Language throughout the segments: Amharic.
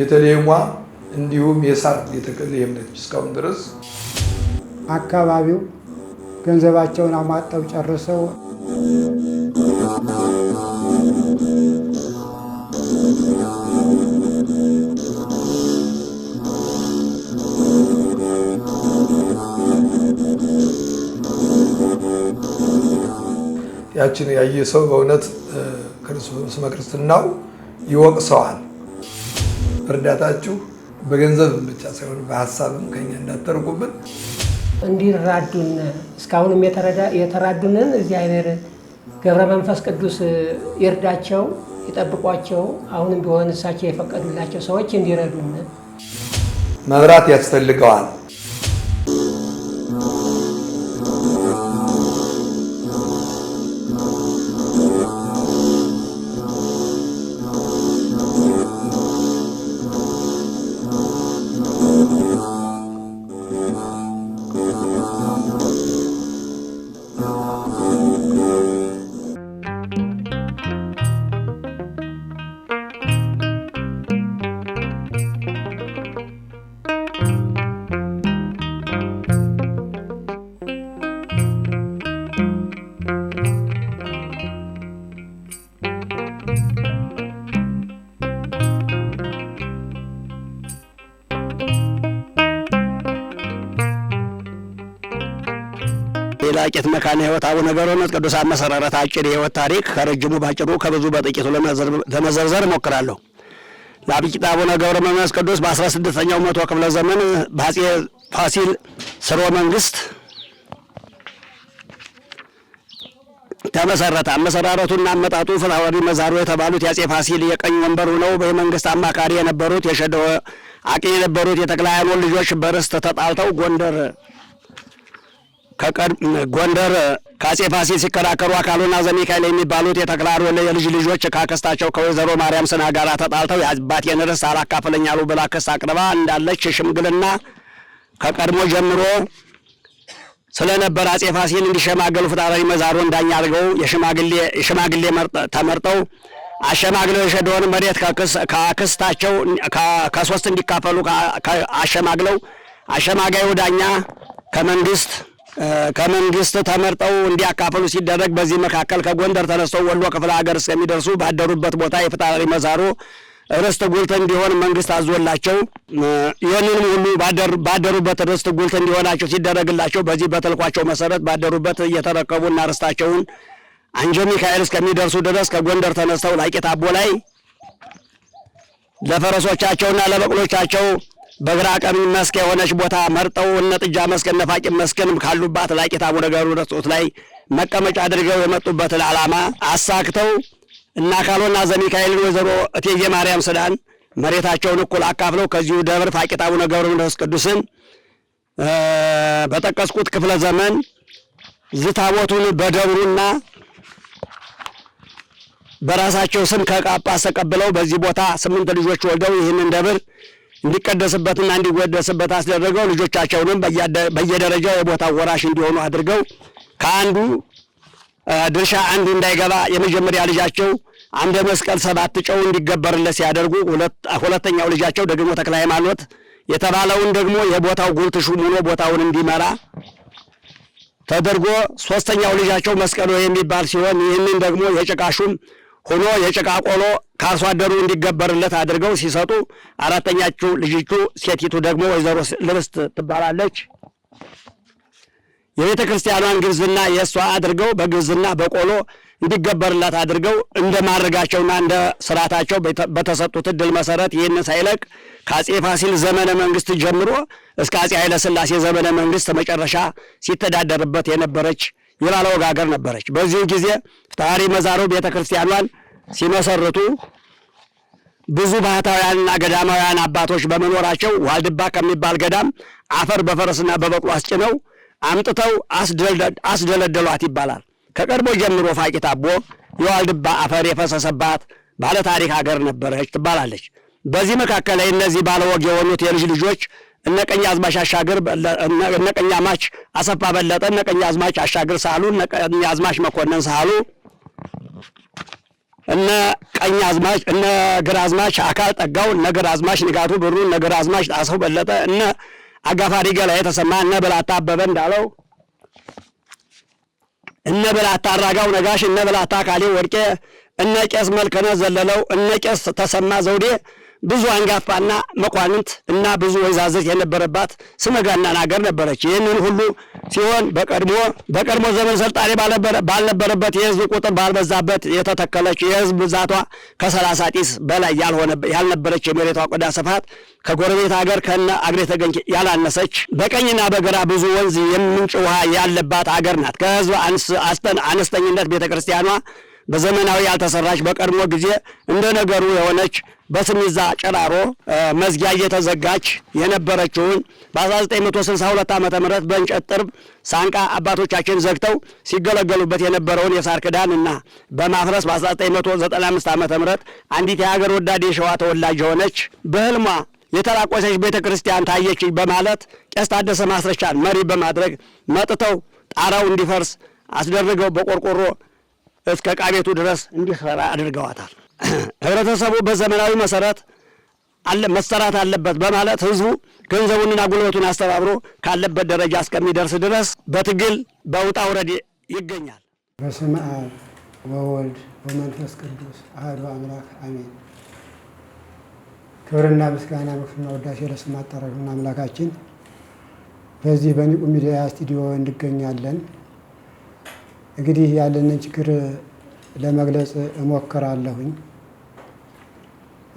ቤተልሔሟ እንዲሁም የሳር የተክልም ነች። እስካሁን ድረስ አካባቢው ገንዘባቸውን አሟጠው ጨርሰው ያችን ያየ ሰው በእውነት ስመ ክርስትናው ይወቅሰዋል። እርዳታችሁ በገንዘብም ብቻ ሳይሆን በሀሳብም ከኛ እንዳትተርጉብን እንዲራዱን እስካሁንም የተራዱንን እግዚአብሔር ገብረ መንፈስ ቅዱስ ይርዳቸው፣ ይጠብቋቸው። አሁንም ቢሆን እሳቸው የፈቀዱላቸው ሰዎች እንዲረዱን መብራት ያስፈልገዋል። ዘላቂት መካነ ሕይወት አቡነ ገብረ ቅዱሳን መሰረረት አጭር የሕይወት ታሪክ ከረጅሙ ባጭሩ ከብዙ በጥቂቱ ለመዘርዘር እሞክራለሁ። ላብቂት አቡነ ገብረ መንፈስ ቅዱስ በ16ኛው መቶ ክፍለ ዘመን በአጼ ፋሲል ስርወ መንግስት ተመሰረተ። አመሰራረቱና አመጣጡ ፍትሐወዲ መዛሩ የተባሉት የአጼ ፋሲል የቀኝ ወንበር ሆነው በመንግስት አማካሪ የነበሩት የሸደወ አቂ የነበሩት የተክለ ሃይማኖት ልጆች በርስት ተጣልተው ጎንደር ጎንደር ከአጼ ፋሲል ሲከራከሩ አካሉና ዘሚካኤል የሚባሉት የተክላሩ የልጅ ልጆች ካከስታቸው ከወይዘሮ ማርያም ስና ጋር ተጣልተው የአባቴን ርስ አላካፍለኝ አሉ ብላ ክስ አቅርባ እንዳለች ሽምግልና ከቀድሞ ጀምሮ ስለነበር አጼ ፋሲል እንዲሸማገሉ ፍትሐዊ መዛሩ እንዳኛ አድርገው የሽማግሌ ተመርጠው አሸማግለው የሸደውን መሬት ከአክስታቸው ከሶስት እንዲካፈሉ አሸማግለው አሸማጋዩ ዳኛ ከመንግስት ከመንግስት ተመርጠው እንዲያካፍሉ ሲደረግ በዚህ መካከል ከጎንደር ተነስተው ወሎ ክፍለ ሀገር እስከሚደርሱ ባደሩበት ቦታ የፈጣሪ መዛሮ ርስት ጉልት እንዲሆን መንግስት አዞላቸው ይህንንም ሁሉ ባደሩበት ርስት ጉልት እንዲሆናቸው ሲደረግላቸው በዚህ በተልኳቸው መሰረት ባደሩበት እየተረከቡና ርስታቸውን አንጀ ሚካኤል እስከሚደርሱ ድረስ ከጎንደር ተነስተው ላቂት አቦ ላይ ለፈረሶቻቸውና ለበቅሎቻቸው በግራ ቀኝ መስክ የሆነች ቦታ መርጠው እነ ጥጃ መስክ እነ መስክን ካሉባት ላይ አቡነ ገብረ ላይ መቀመጫ አድርገው የመጡበትን ዓላማ አሳክተው እና ካሎና ዘሚካኤልን ወይዘሮ እቴጌ ማርያም ስዳን መሬታቸውን እኩል አካፍለው ከዚሁ ደብር ፋቂት አቡነ ገብረ መንፈስ ቅዱስን በጠቀስኩት ክፍለ ዘመን ዝታቦቱን በደብሩና በራሳቸው ስም ከጳጳስ ተቀብለው በዚህ ቦታ ስምንት ልጆች ወልደው ይህንን ደብር እንዲቀደስበትና እንዲወደስበት አስደረገው። ልጆቻቸውንም በየደረጃው የቦታ ወራሽ እንዲሆኑ አድርገው ከአንዱ ድርሻ አንዱ እንዳይገባ የመጀመሪያ ልጃቸው አንድ መስቀል ሰባት ጨው እንዲገበርለት ሲያደርጉ፣ ሁለተኛው ልጃቸው ደግሞ ተክለ ሃይማኖት የተባለውን ደግሞ የቦታው ጉልት ሹም ሆኖ ቦታውን እንዲመራ ተደርጎ ሶስተኛው ልጃቸው መስቀሎ የሚባል ሲሆን ይህንን ደግሞ የጭቃ ሹም ሆኖ የጭቃ ቆሎ ከአርሶ አደሩ እንዲገበርለት አድርገው ሲሰጡ አራተኛችው ልጅቹ ሴቲቱ ደግሞ ወይዘሮ ልብስት ትባላለች። የቤተ ክርስቲያኗን ግብዝና የእሷ አድርገው በግብዝና በቆሎ እንዲገበርላት አድርገው እንደ ማድረጋቸውና እንደ ስርዓታቸው በተሰጡት እድል መሰረት ይህን ሳይለቅ ከአፄ ፋሲል ዘመነ መንግስት ጀምሮ እስከ አፄ ኃይለ ስላሴ ዘመነ መንግስት መጨረሻ ሲተዳደርበት የነበረች ይላለ ወግ ሀገር ነበረች። በዚሁ ጊዜ ፍትሐሪ መዛሮ ቤተ ክርስቲያኗን ሲመሰርቱ ብዙ ባህታውያንና ገዳማውያን አባቶች በመኖራቸው ዋልድባ ከሚባል ገዳም አፈር በፈረስና በበቅሎ አስጭነው አምጥተው አስደለደሏት ይባላል። ከቀድሞ ጀምሮ ፋቂት አቦ የዋልድባ አፈር የፈሰሰባት ባለ ታሪክ ሀገር ነበረች ትባላለች። በዚህ መካከል እነዚህ ባለወግ የሆኑት የልጅ ልጆች እነ ቀኛዝማች አሻገር እነ ቀኛዝማች አሰፋ በለጠ እነ ቀኛዝማች አሻገር ሳሉ እነ ቀኛዝማች መኮንን ሳሉ እነ ቀኛዝማች እነ ግራዝማች አካል ጠጋው እነ አዝማች ንጋቱ ብሩ እነ አዝማች ጣሰው በለጠ እነ አጋፋሪ ገላ የተሰማ እነ ብላታ አበበ እንዳለው እነ ብላታ አራጋው ነጋሽ እነ ብላታ ካሌ ወርቄ እነ ቄስ መልከነ ዘለለው እነ ቄስ ተሰማ ዘውዴ ብዙ አንጋፋና መኳንንት እና ብዙ ወይዛዝት የነበረባት ስመገናን ሀገር ነበረች። ይህንን ሁሉ ሲሆን በቀድሞ በቀድሞ ዘመን ስልጣኔ ባልነበረበት የህዝብ ቁጥር ባልበዛበት የተተከለች የህዝብ ብዛቷ ከሰላሳ ጢስ በላይ ያልነበረች የመሬቷ ቆዳ ስፋት ከጎረቤት ሀገር ከነ አግሬ ተገኝ ያላነሰች በቀኝና በግራ ብዙ ወንዝ የምንጭ ውሃ ያለባት አገር ናት። ከህዝብ አነስተኝነት ቤተ ክርስቲያኗ በዘመናዊ ያልተሰራች በቀድሞ ጊዜ እንደ ነገሩ የሆነች በስሚዛ ጨራሮ መዝጊያ እየተዘጋች የነበረችውን በ1962 ዓ ም በእንጨት ጥርብ ሳንቃ አባቶቻችን ዘግተው ሲገለገሉበት የነበረውን የሳር ክዳን እና በማፍረስ በ1995 ዓ ም አንዲት የሀገር ወዳድ የሸዋ ተወላጅ የሆነች በህልሟ የተራቆሰች ቤተ ክርስቲያን ታየች በማለት ቄስ ታደሰ ማስረቻን መሪ በማድረግ መጥተው ጣራው እንዲፈርስ አስደርገው በቆርቆሮ እስከ ዕቃ ቤቱ ድረስ እንዲሰራ አድርገዋታል። ህብረተሰቡ በዘመናዊ መሰረት መሰራት አለበት በማለት ህዝቡ ገንዘቡንና ጉልበቱን አስተባብሮ ካለበት ደረጃ እስከሚደርስ ድረስ በትግል በውጣ ውረድ ይገኛል። በስመ አብ ወወልድ ወመንፈስ ቅዱስ አህዶ አምላክ አሜን። ክብርና ምስጋና ምክፍና ወዳሴ ለስም አምላካችን በዚህ በንቁ ሚዲያ ስቱዲዮ እንገኛለን። እንግዲህ ያለንን ችግር ለመግለጽ እሞክራለሁኝ።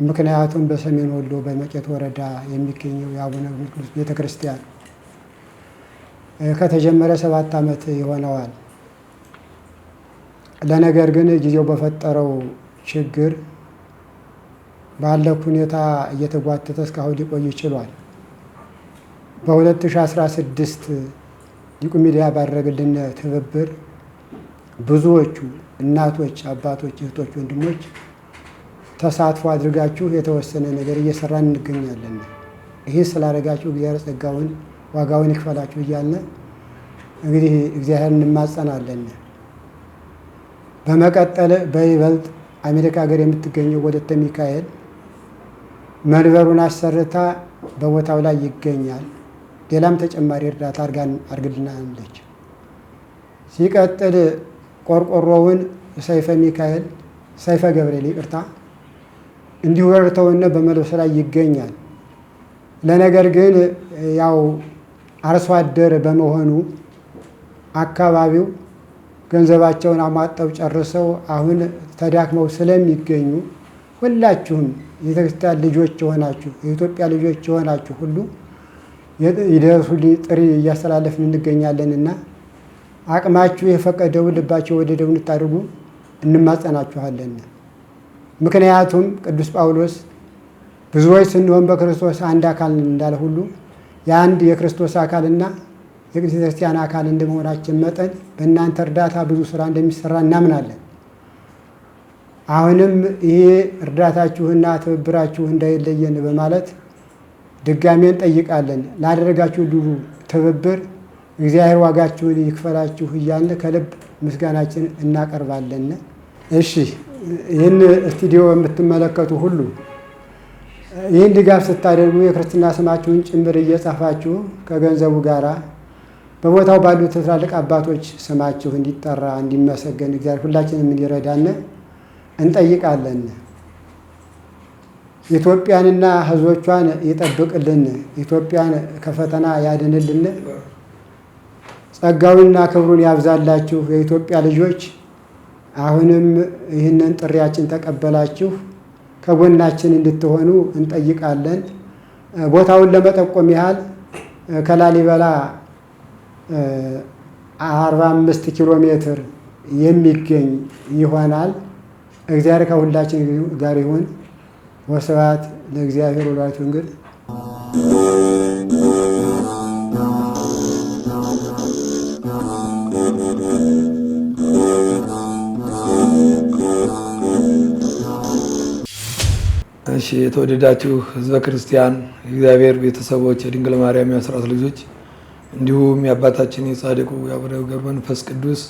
ምክንያቱም በሰሜን ወሎ በመቄት ወረዳ የሚገኘው የአቡነ ቅዱስ ቤተ ክርስቲያን ከተጀመረ ሰባት ዓመት ይሆነዋል። ለነገር ግን ጊዜው በፈጠረው ችግር ባለው ሁኔታ እየተጓተተ እስካሁን ሊቆይ ይችሏል። በ2016 ሊቁ ሚዲያ ባደረገልን ትብብር ብዙዎቹ እናቶች፣ አባቶች፣ እህቶች፣ ወንድሞች ተሳትፎ አድርጋችሁ የተወሰነ ነገር እየሰራን እንገኛለን። ይህን ስላደረጋችሁ እግዚአብሔር ጸጋውን ዋጋውን ይክፈላችሁ እያለ እንግዲህ እግዚአብሔር እንማጸናለን። በመቀጠል በይበልጥ አሜሪካ ሀገር የምትገኘው ወለተ ሚካኤል መንበሩን አሰርታ በቦታው ላይ ይገኛል። ሌላም ተጨማሪ እርዳታ አርግልናለች። ሲቀጥል ቆርቆሮውን ሰይፈ ሚካኤል፣ ሰይፈ ገብርኤል ይቅርታ እንዲሁ ረድተውነ በመልበስ ላይ ይገኛል። ለነገር ግን ያው አርሶ አደር በመሆኑ አካባቢው ገንዘባቸውን አሟጠው ጨርሰው አሁን ተዳክመው ስለሚገኙ ሁላችሁም የቤተክርስቲያን ልጆች የሆናችሁ የኢትዮጵያ ልጆች የሆናችሁ ሁሉ የደረሱልኝ ጥሪ እያስተላለፍን እንገኛለንና አቅማችሁ የፈቀደውን ልባቸው ወደደው እንድታደርጉ እንማጸናችኋለን። ምክንያቱም ቅዱስ ጳውሎስ ብዙዎች ስንሆን በክርስቶስ አንድ አካል እንዳለ ሁሉ የአንድ የክርስቶስ አካልና የቅዱስ ክርስቲያን አካል እንደመሆናችን መጠን በእናንተ እርዳታ ብዙ ስራ እንደሚሰራ እናምናለን። አሁንም ይሄ እርዳታችሁና ትብብራችሁ እንዳይለየን በማለት ድጋሜ እንጠይቃለን። ላደረጋችሁ ድሩ ትብብር እግዚአብሔር ዋጋችሁን ይክፈላችሁ እያለ ከልብ ምስጋናችን እናቀርባለን። እሺ ይህን ስቱዲዮ የምትመለከቱ ሁሉ ይህን ድጋፍ ስታደርጉ የክርስትና ስማችሁን ጭምር እየጻፋችሁ ከገንዘቡ ጋር በቦታው ባሉ ትላልቅ አባቶች ስማችሁ እንዲጠራ እንዲመሰገን እግዚአብሔር ሁላችንም እንዲረዳን እንጠይቃለን። ኢትዮጵያንና ሕዝቦቿን ይጠብቅልን። ኢትዮጵያን ከፈተና ያድንልን። ጸጋውንና ክብሩን ያብዛላችሁ የኢትዮጵያ ልጆች። አሁንም ይህንን ጥሪያችን ተቀበላችሁ ከጎናችን እንድትሆኑ እንጠይቃለን። ቦታውን ለመጠቆም ያህል ከላሊበላ 45 ኪሎ ሜትር የሚገኝ ይሆናል። እግዚአብሔር ከሁላችን ጋር ይሁን። ወስብሐት ለእግዚአብሔር ወለወላዲቱ ድንግል እሺ የተወደዳችሁ ህዝበ ክርስቲያን፣ የእግዚአብሔር ቤተሰቦች፣ የድንግል ማርያም የአስራት ልጆች እንዲሁም የአባታችን የጻድቁ የአቡነ ገብረ መንፈስ ቅዱስ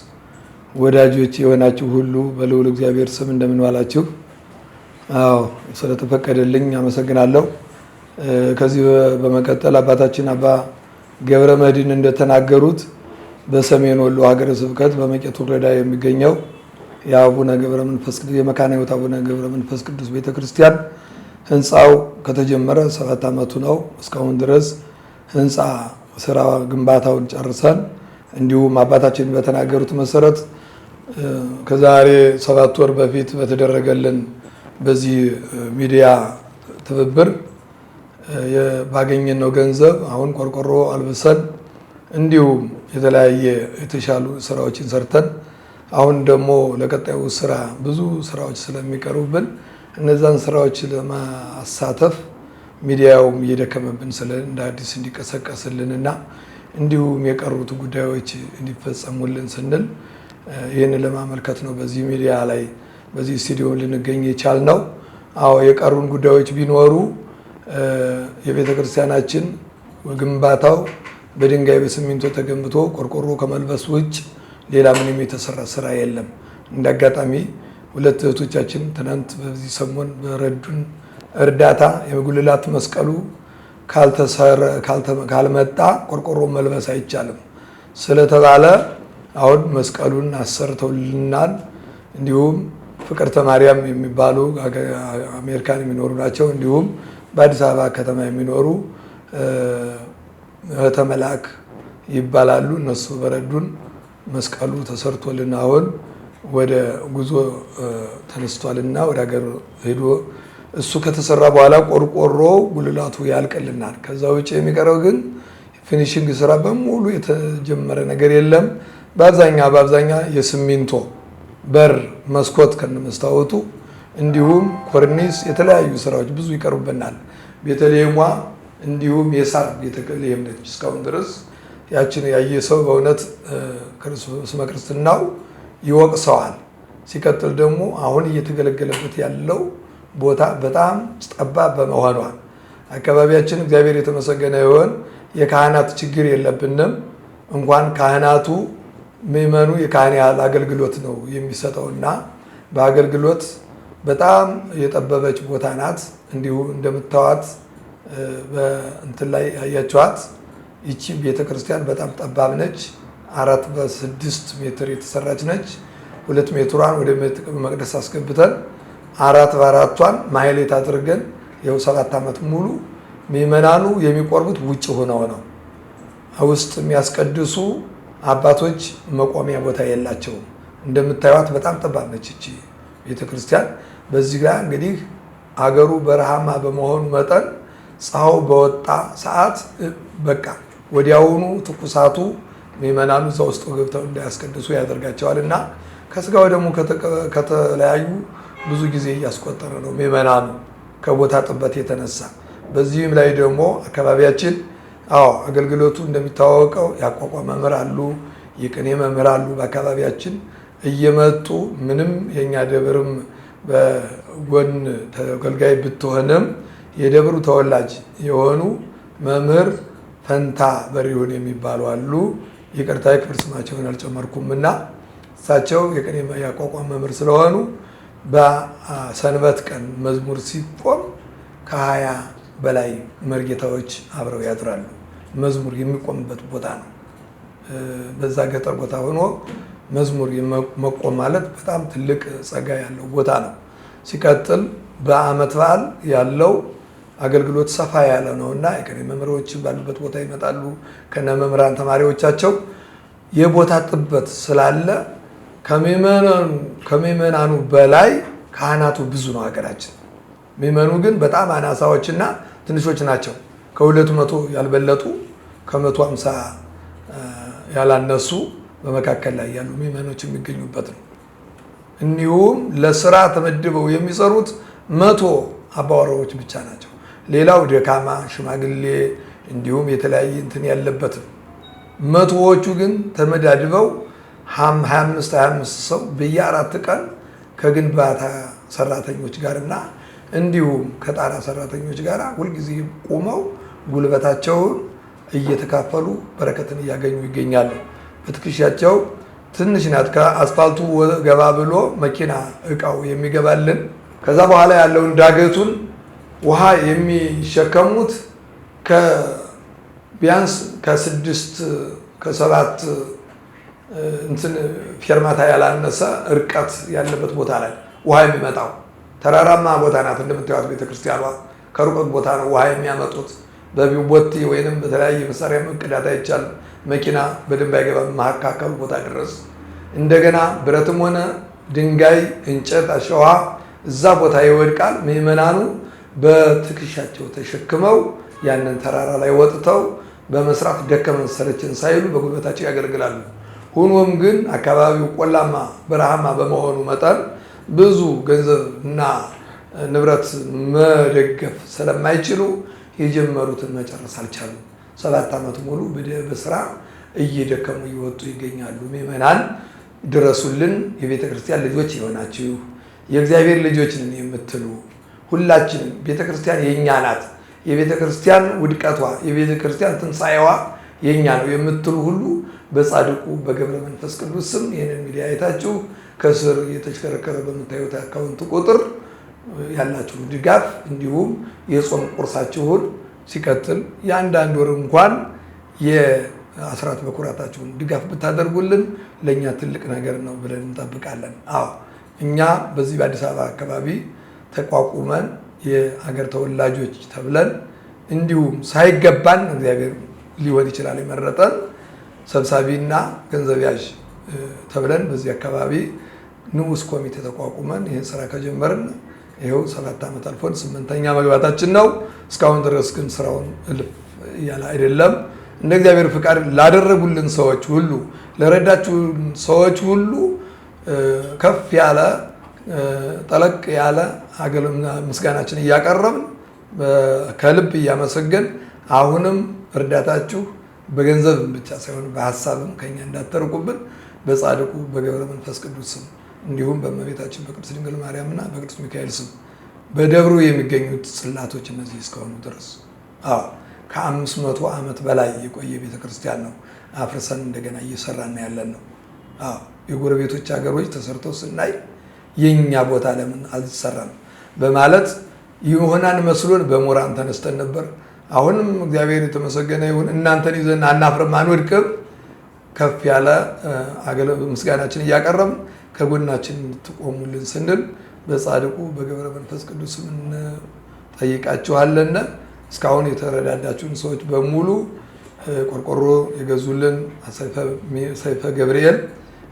ወዳጆች የሆናችሁ ሁሉ በልዑል እግዚአብሔር ስም እንደምንዋላችሁ። አዎ ስለተፈቀደልኝ አመሰግናለሁ። ከዚህ በመቀጠል አባታችን አባ ገብረ መድኅን እንደተናገሩት በሰሜን ወሎ ሀገረ ስብከት በመቄት ወረዳ የሚገኘው የአቡነ ገብረ መንፈስ ቅዱስ የመካነ ሕይወት አቡነ ገብረ መንፈስ ቅዱስ ቤተክርስቲያን ህንፃው ከተጀመረ ሰባት ዓመቱ ነው። እስካሁን ድረስ ህንፃ ስራ ግንባታውን ጨርሰን እንዲሁም አባታችን በተናገሩት መሰረት ከዛሬ ሰባት ወር በፊት በተደረገልን በዚህ ሚዲያ ትብብር ባገኘነው ገንዘብ አሁን ቆርቆሮ አልብሰን እንዲሁም የተለያየ የተሻሉ ስራዎችን ሰርተን አሁን ደግሞ ለቀጣዩ ስራ ብዙ ስራዎች ስለሚቀርቡብን እነዛን ስራዎች ለማሳተፍ ሚዲያውም እየደከመብን ስለ እንደ አዲስ እንዲቀሰቀስልን እና እንዲሁም የቀሩት ጉዳዮች እንዲፈጸሙልን ስንል ይህን ለማመልከት ነው በዚህ ሚዲያ ላይ በዚህ ስቱዲዮ ልንገኝ የቻል ነው። አዎ የቀሩን ጉዳዮች ቢኖሩ የቤተ ክርስቲያናችን ግንባታው በድንጋይ በሲሚንቶ ተገንብቶ ቆርቆሮ ከመልበስ ውጭ ሌላ ምንም የተሰራ ስራ የለም። እንደ አጋጣሚ ሁለት እህቶቻችን ትናንት በዚህ ሰሞን በረዱን እርዳታ የጉልላት መስቀሉ ካልመጣ ቆርቆሮ መልበስ አይቻልም ስለተባለ አሁን መስቀሉን አሰርተውልናል። እንዲሁም ፍቅርተ ማርያም የሚባሉ አሜሪካን የሚኖሩ ናቸው። እንዲሁም በአዲስ አበባ ከተማ የሚኖሩ እህተ መልአክ ይባላሉ። እነሱ በረዱን መስቀሉ ተሰርቶልን አሁን ወደ ጉዞ ተነስቷልና ወደ ሀገር ሄዶ እሱ ከተሰራ በኋላ ቆርቆሮ ጉልላቱ ያልቅልናል። ከዛ ውጭ የሚቀረው ግን ፊኒሽንግ ስራ በሙሉ የተጀመረ ነገር የለም። በአብዛኛ በአብዛኛ የስሚንቶ በር፣ መስኮት ከነመስታወቱ እንዲሁም ኮርኒስ፣ የተለያዩ ስራዎች ብዙ ይቀሩብናል። ቤተልሔሟ እንዲሁም የሳር ቤተልሔም ነች። እስካሁን ድረስ ያችን ያየ ሰው በእውነት ስመ ክርስትናው ይወቅሰዋል። ሲቀጥል ደግሞ አሁን እየተገለገለበት ያለው ቦታ በጣም ጠባብ በመሆኗ አካባቢያችን እግዚአብሔር የተመሰገነ ይሆን የካህናት ችግር የለብንም። እንኳን ካህናቱ ምመኑ የካህን አገልግሎት ነው የሚሰጠውና በአገልግሎት በጣም የጠበበች ቦታ ናት። እንዲሁ እንደምታዋት በእንትን ላይ ያያቸዋት ይቺ ቤተክርስቲያን በጣም ጠባብ ነች። አራት በስድስት ሜትር የተሰራች ነች። ሁለት ሜትሯን ወደ መቅደስ አስገብተን አራት በአራቷን ማህሌት አድርገን ይኸው ሰባት ዓመት ሙሉ ምዕመናኑ የሚቆርቡት ውጭ ሆነው ነው። ውስጥ የሚያስቀድሱ አባቶች መቆሚያ ቦታ የላቸውም። እንደምታዩት በጣም ጠባብ ነች እቺ ቤተክርስቲያን። በዚህ ጋር እንግዲህ አገሩ በረሃማ በመሆኑ መጠን ፀሐዩ በወጣ ሰዓት በቃ ወዲያውኑ ትኩሳቱ ምእመናኑ እዛ ውስጥ ገብተው እንዳያስቀድሱ ያደርጋቸዋል እና ከስጋው ደግሞ ከተለያዩ ብዙ ጊዜ እያስቆጠረ ነው ምእመናኑ ከቦታ ጥበት የተነሳ በዚህም ላይ ደግሞ አካባቢያችን አዎ አገልግሎቱ እንደሚታወቀው ያቋቋም መምህር አሉ፣ የቅኔ መምህር አሉ። በአካባቢያችን እየመጡ ምንም የእኛ ደብርም በጎን ተገልጋይ ብትሆንም የደብሩ ተወላጅ የሆኑ መምህር ፈንታ በሪሁን የሚባሉ አሉ። ይቅርታ የክፍል ስማቸውን አልጨመርኩም እና እሳቸው የቅኔ ያቋቋም መምህር ስለሆኑ በሰንበት ቀን መዝሙር ሲቆም ከሀያ በላይ መርጌታዎች አብረው ያድራሉ። መዝሙር የሚቆምበት ቦታ ነው። በዛ ገጠር ቦታ ሆኖ መዝሙር መቆም ማለት በጣም ትልቅ ጸጋ ያለው ቦታ ነው። ሲቀጥል በዓመት በዓል ያለው አገልግሎት ሰፋ ያለ ነው እና የቀሪ መምህሮችን ባሉበት ቦታ ይመጣሉ ከነ መምህራን ተማሪዎቻቸው። የቦታ ጥበት ስላለ ከምዕመናኑ በላይ ካህናቱ ብዙ ነው ሀገራችን። ሚመኑ ግን በጣም አናሳዎችና ትንሾች ናቸው። ከሁለት መቶ ያልበለጡ ከመቶ ሃምሳ ያላነሱ በመካከል ላይ ያሉ ምዕመኖች የሚገኙበት ነው። እንዲሁም ለስራ ተመድበው የሚሰሩት መቶ አባወራዎች ብቻ ናቸው። ሌላው ደካማ ሽማግሌ እንዲሁም የተለያየ እንትን ያለበት ነው። መቶዎቹ ግን ተመዳድበው 25 25 ሰው በየአራት ቀን ከግንባታ ሰራተኞች ጋር እንዲሁም ከጣራ ሰራተኞች ጋር ሁልጊዜ ቁመው ጉልበታቸውን እየተካፈሉ በረከትን እያገኙ ይገኛሉ። በትከሻቸው ትንሽ ናት። ከአስፋልቱ ገባ ብሎ መኪና እቃው የሚገባልን ከዛ በኋላ ያለውን ዳገቱን ውሃ የሚሸከሙት ቢያንስ ከስድስት ከሰባት እንትን ፌርማታ ያላነሰ እርቀት ያለበት ቦታ ላይ ውሃ የሚመጣው ተራራማ ቦታ ናት። እንደምታዩት ቤተክርስቲያኗ ከሩቀት ቦታ ነው ውሃ የሚያመጡት በቢቦቲ ወይንም በተለያየ መሳሪያ መቅዳት አይቻልም። መኪና በደንብ አይገባ መካከሉ ቦታ ድረስ። እንደገና ብረትም ሆነ ድንጋይ፣ እንጨት፣ አሸዋ እዛ ቦታ ይወድቃል። ምዕመናኑ በትከሻቸው ተሸክመው ያንን ተራራ ላይ ወጥተው በመስራት ደከመን ሰለችን ሳይሉ በጉልበታቸው ያገለግላሉ። ሆኖም ግን አካባቢው ቆላማ በረሃማ በመሆኑ መጠን ብዙ ገንዘብ እና ንብረት መደገፍ ስለማይችሉ የጀመሩትን መጨረስ አልቻሉ። ሰባት ዓመት ሙሉ በስራ እየደከሙ እየወጡ ይገኛሉ። ምዕመናን ድረሱልን። የቤተ ክርስቲያን ልጆች የሆናችሁ የእግዚአብሔር ልጆችን የምትሉ ሁላችንም ቤተ ክርስቲያን የእኛ ናት፣ የቤተ ክርስቲያን ውድቀቷ፣ የቤተ ክርስቲያን ትንሣኤዋ የእኛ ነው የምትሉ ሁሉ በጻድቁ በገብረ መንፈስ ቅዱስ ስም ይህንን ሚዲያ አይታችሁ ከስር እየተሽከረከረ በምታዩት አካውንት ቁጥር ያላችሁን ድጋፍ እንዲሁም የጾም ቁርሳችሁን ሲቀጥል የአንዳንድ ወር እንኳን የአስራት በኩራታችሁን ድጋፍ ብታደርጉልን ለእኛ ትልቅ ነገር ነው ብለን እንጠብቃለን። አዎ እኛ በዚህ በአዲስ አበባ አካባቢ ተቋቁመን የሀገር ተወላጆች ተብለን እንዲሁም ሳይገባን እግዚአብሔር ሊሆን ይችላል የመረጠን ሰብሳቢና ገንዘብ ያዥ ተብለን በዚህ አካባቢ ንዑስ ኮሚቴ ተቋቁመን ይህን ስራ ከጀመርን ይኸው ሰባት ዓመት አልፎን ስምንተኛ መግባታችን ነው። እስካሁን ድረስ ግን ስራውን እልፍ እያለ አይደለም። እንደ እግዚአብሔር ፍቃድ ላደረጉልን ሰዎች ሁሉ፣ ለረዳችሁን ሰዎች ሁሉ ከፍ ያለ ጠለቅ ያለ ምስጋናችን እያቀረብን ከልብ እያመሰገን አሁንም እርዳታችሁ በገንዘብ ብቻ ሳይሆን በሀሳብም ከኛ እንዳትርቁብን በጻድቁ በገብረ መንፈስ ቅዱስ ስም እንዲሁም በእመቤታችን በቅዱስ ድንግል ማርያምና በቅዱስ ሚካኤል ስም በደብሩ የሚገኙት ጽላቶች እነዚህ እስከሆኑ ድረስ አዎ ከአምስት መቶ ዓመት በላይ የቆየ ቤተ ክርስቲያን ነው አፍርሰን እንደገና እየሰራን ያለን ነው። አዎ የጎረቤቶች ሀገሮች ተሰርተው ስናይ የእኛ ቦታ ለምን አልተሰራም በማለት ይሆናን መስሎን በሞራን ተነስተን ነበር። አሁንም እግዚአብሔር የተመሰገነ ይሁን። እናንተን ይዘን አናፍርም፣ አንወድቅም። ከፍ ያለ ምስጋናችን እያቀረብ ከጎናችን እንድትቆሙልን ስንል በጻድቁ በገብረ መንፈስ ቅዱስ እንጠይቃችኋለን። እስካሁን የተረዳዳችሁን ሰዎች በሙሉ ቆርቆሮ የገዙልን ሰይፈ ገብርኤል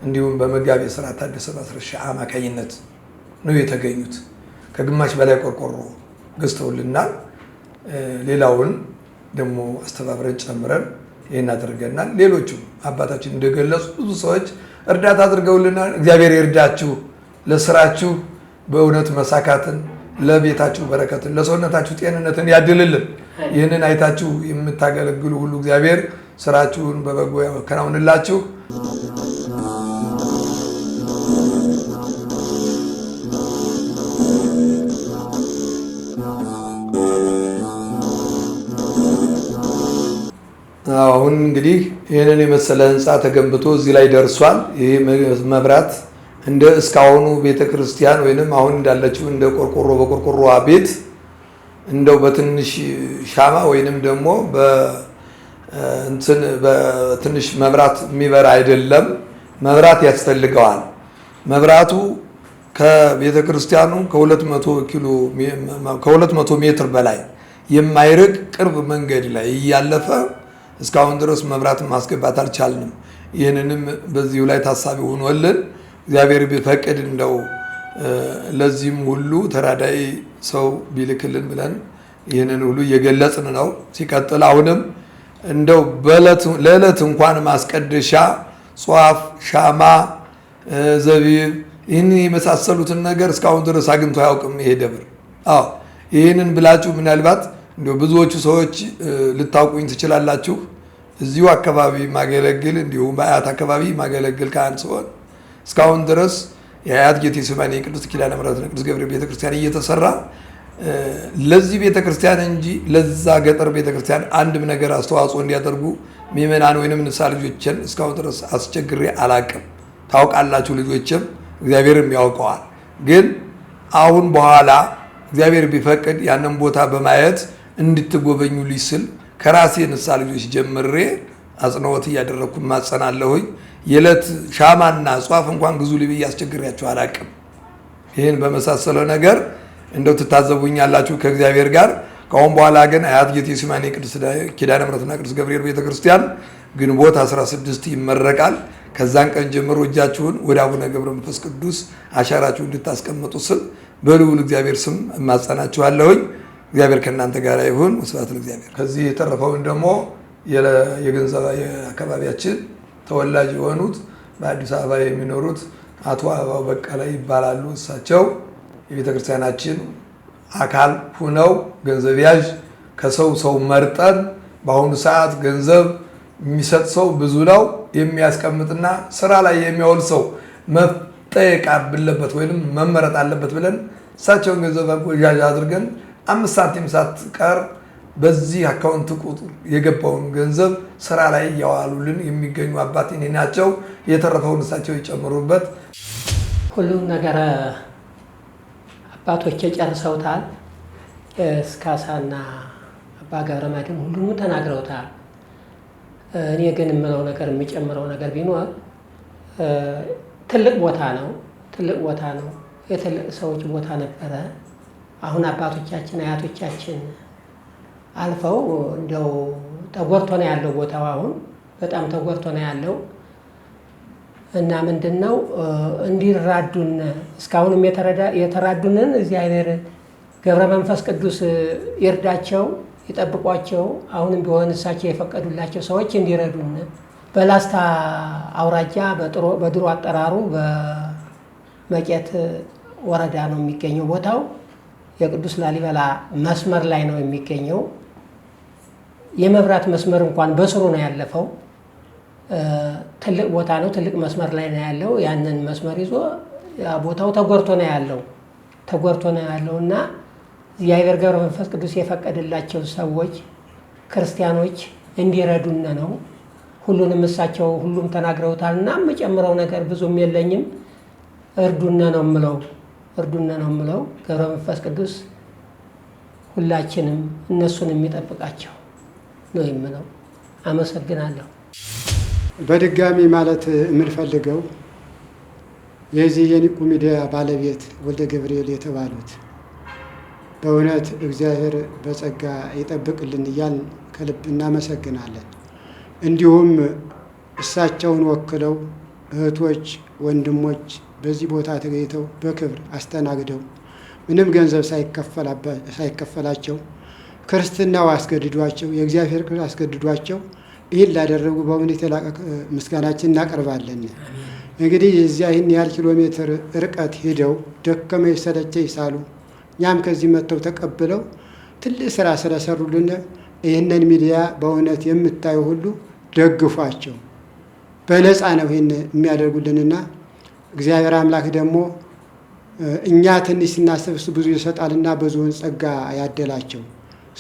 እንዲሁም በመጋቢ ስራ ታደሰ ማስረሻ አማካኝነት ነው የተገኙት። ከግማሽ በላይ ቆርቆሮ ገዝተውልናል። ሌላውን ደግሞ አስተባብረን ጨምረን ይህን አድርገናል። ሌሎቹም አባታችን እንደገለጹ ብዙ ሰዎች እርዳታ አድርገውልናል። እግዚአብሔር ይርዳችሁ፣ ለስራችሁ በእውነት መሳካትን፣ ለቤታችሁ በረከትን፣ ለሰውነታችሁ ጤንነትን ያድልልን። ይህንን አይታችሁ የምታገለግሉ ሁሉ እግዚአብሔር ስራችሁን በበጎ ያከናውንላችሁ። አሁን እንግዲህ ይህንን የመሰለ ህንፃ ተገንብቶ እዚህ ላይ ደርሷል። ይህ መብራት እንደ እስካሁኑ ቤተ ክርስቲያን ወይንም አሁን እንዳለችው እንደ ቆርቆሮ በቆርቆሮዋ ቤት እንደው በትንሽ ሻማ ወይንም ደግሞ በትንሽ መብራት የሚበራ አይደለም። መብራት ያስፈልገዋል። መብራቱ ከቤተ ክርስቲያኑ ከሁለት መቶ ሜትር በላይ የማይርቅ ቅርብ መንገድ ላይ እያለፈ እስካሁን ድረስ መብራትን ማስገባት አልቻልንም። ይህንንም በዚሁ ላይ ታሳቢ ሆኖልን እግዚአብሔር ቢፈቅድ እንደው ለዚህም ሁሉ ተራዳይ ሰው ቢልክልን ብለን ይህንን ሁሉ እየገለጽን ነው። ሲቀጥል አሁንም እንደው ለዕለት እንኳን ማስቀደሻ ጽዋፍ፣ ሻማ፣ ዘቢብ ይህን የመሳሰሉትን ነገር እስካሁን ድረስ አግኝቶ አያውቅም ይሄ ደብር። አዎ ይህንን ብላችሁ ምናልባት እንዲያው ብዙዎቹ ሰዎች ልታውቁኝ ትችላላችሁ። እዚሁ አካባቢ ማገለግል እንዲሁም በአያት አካባቢ ማገለግል ካህን ሲሆን እስካሁን ድረስ የአያት ጌቴሴማኒ ቅዱስ ኪዳነ ምሕረት ቅዱስ ገብርኤል ቤተክርስቲያን እየተሰራ ለዚህ ቤተክርስቲያን እንጂ ለዛ ገጠር ቤተክርስቲያን አንድም ነገር አስተዋጽኦ እንዲያደርጉ ምእመናን ወይንም ንሳ ልጆችን እስካሁን ድረስ አስቸግሬ አላቅም። ታውቃላችሁ፣ ልጆችም እግዚአብሔርም ያውቀዋል። ግን አሁን በኋላ እግዚአብሔር ቢፈቅድ ያንን ቦታ በማየት እንድትጎበኙ ሊስል ከራሴ ንሳ ልጆች ጀምሬ አጽንኦት እያደረግኩ ማጸናለሁኝ። የዕለት ሻማና እጽዋፍ እንኳን ግዙ ልብ እያስቸግሬያችሁ አላቅም። ይህን በመሳሰለው ነገር እንደው ትታዘቡኛላችሁ ከእግዚአብሔር ጋር ከአሁን በኋላ ግን አያት ጌቴ ሴማኒ ቅዱስ ኪዳነ ምሕረትና ቅዱስ ገብርኤል ቤተ ክርስቲያን ግንቦት 16 ይመረቃል። ከዛን ቀን ጀምሮ እጃችሁን ወደ አቡነ ገብረ መንፈስ ቅዱስ አሻራችሁ እንድታስቀምጡ ስል በልዑል እግዚአብሔር ስም እማጸናችኋለሁኝ። እግዚአብሔር ከእናንተ ጋር ይሁን። ወስብሐት ለእግዚአብሔር። ከዚህ የተረፈውን ደግሞ የገንዘብ አካባቢያችን ተወላጅ የሆኑት በአዲስ አበባ የሚኖሩት አቶ አበባው በቀለ ይባላሉ። እሳቸው የቤተክርስቲያናችን አካል ሁነው ገንዘብ ያዥ ከሰው ሰው መርጠን በአሁኑ ሰዓት ገንዘብ የሚሰጥ ሰው ብዙ ነው። የሚያስቀምጥና ስራ ላይ የሚያውል ሰው መጠየቅ አለበት ወይም መመረጥ አለበት ብለን እሳቸውን ገንዘብ ያዥ አድርገን አምስት ሳንቲም ሳትቀር በዚህ አካውንት ቁጥር የገባውን ገንዘብ ስራ ላይ እያዋሉልን የሚገኙ አባት እኔ ናቸው። የተረፈውን እሳቸው ይጨምሩበት። ሁሉም ነገር አባቶቼ ጨርሰውታል። እስካሳና አባ ገብረ ማድም ሁሉም ተናግረውታል። እኔ ግን የምለው ነገር የሚጨምረው ነገር ቢኖር ትልቅ ቦታ ነው። ትልቅ ቦታ ነው። የትልቅ ሰዎች ቦታ ነበረ። አሁን አባቶቻችን አያቶቻችን አልፈው እንደው ተጎድቶ ነው ያለው ቦታው። አሁን በጣም ተጎድቶ ነው ያለው እና ምንድን ነው እንዲራዱን እስካሁንም የተራዱንን እግዚአብሔር ገብረ መንፈስ ቅዱስ ይርዳቸው፣ ይጠብቋቸው። አሁንም ቢሆን እሳቸው የፈቀዱላቸው ሰዎች እንዲረዱን በላስታ አውራጃ በድሮ አጠራሩ በመቄት ወረዳ ነው የሚገኘው ቦታው። የቅዱስ ላሊበላ መስመር ላይ ነው የሚገኘው። የመብራት መስመር እንኳን በስሩ ነው ያለፈው። ትልቅ ቦታ ነው፣ ትልቅ መስመር ላይ ነው ያለው። ያንን መስመር ይዞ ቦታው ተጎርቶ ነው ያለው ተጎርቶ ነው ያለው እና እግዚአብሔር ገብረ መንፈስ ቅዱስ የፈቀደላቸው ሰዎች ክርስቲያኖች እንዲረዱን ነው። ሁሉንም እሳቸው ሁሉም ተናግረውታል እና የምጨምረው ነገር ብዙም የለኝም። እርዱነ ነው የምለው። እርዱና ነው የምለው። ገብረ መንፈስ ቅዱስ ሁላችንም እነሱን የሚጠብቃቸው ነው የምለው። አመሰግናለሁ። በድጋሚ ማለት የምንፈልገው የዚህ የኒቁ ሚዲያ ባለቤት ወልደ ገብርኤል የተባሉት በእውነት እግዚአብሔር በጸጋ ይጠብቅልን እያል ከልብ እናመሰግናለን። እንዲሁም እሳቸውን ወክለው እህቶች፣ ወንድሞች በዚህ ቦታ ተገኝተው በክብር አስተናግደው ምንም ገንዘብ ሳይከፈላቸው ክርስትናው አስገድዷቸው የእግዚአብሔር ክብር አስገድዷቸው ይህን ላደረጉ በእውነት የተላቀ ምስጋናችን እናቀርባለን። እንግዲህ እዚያ ይህን ያህል ኪሎ ሜትር ርቀት ሄደው ደከመ የሰለቸ ይሳሉ እኛም ከዚህ መጥተው ተቀብለው ትልቅ ስራ ስለሰሩልን ይህንን ሚዲያ በእውነት የምታዩ ሁሉ ደግፏቸው። በነፃ ነው ይህን የሚያደርጉልንና እግዚአብሔር አምላክ ደግሞ እኛ ትንሽ ስናሰብስ እሱ ብዙ ይሰጣልና ብዙውን ጸጋ ያደላቸው።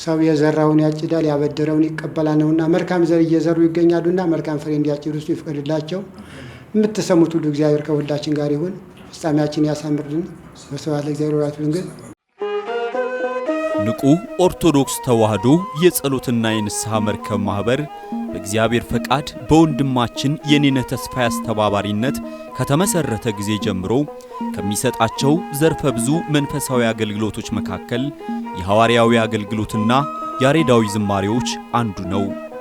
ሰው የዘራውን ያጭዳል ያበደረውን ይቀበላል ነውና መልካም ዘር እየዘሩ ይገኛሉና መልካም ፍሬ እንዲያጭዱ እሱ ይፍቀድላቸው። የምትሰሙት ሁሉ እግዚአብሔር ከሁላችን ጋር ይሁን። ፍጻሜያችን ያሳምርልን። በሰባት ለእግዚአብሔር ወራት ግን ንቁ ኦርቶዶክስ ተዋህዶ የጸሎትና የንስሐ መርከብ ማኅበር በእግዚአብሔር ፈቃድ በወንድማችን የኔነ ተስፋ አስተባባሪነት ከተመሰረተ ጊዜ ጀምሮ ከሚሰጣቸው ዘርፈ ብዙ መንፈሳዊ አገልግሎቶች መካከል የሐዋርያዊ አገልግሎትና ያሬዳዊ ዝማሬዎች አንዱ ነው።